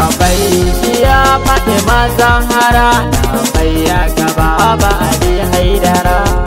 labai iya faɗi mazan hara na bai ya gaba ba a haidara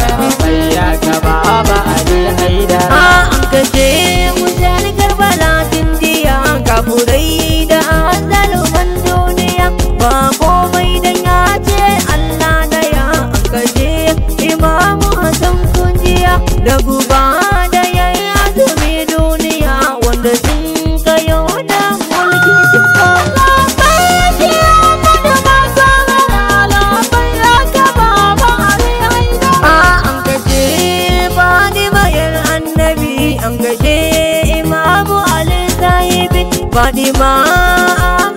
ba ba a gaje imamu ali sahibi fadima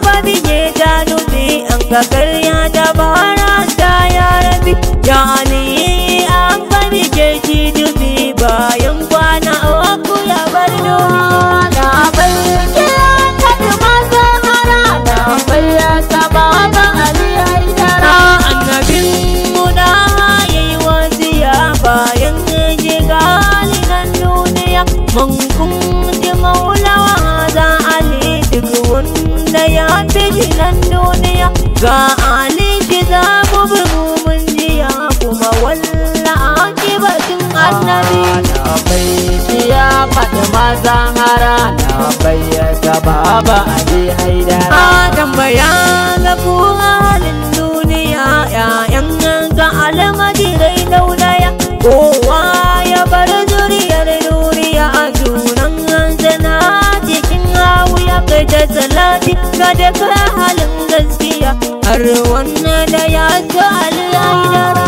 fadiye jalubi anga kar jabara ya rabbi ya maulawa za ali duk wanda ya fi shi duniya ga ali shi za mu bi mun jiya kuma walla akibatin annabi na bai ya faɗi maza hara na ya gaba ba a je haida a tambaya halin duniya 'ya'yan da talati ka da halin gaskiya har wannan da ya ta Allah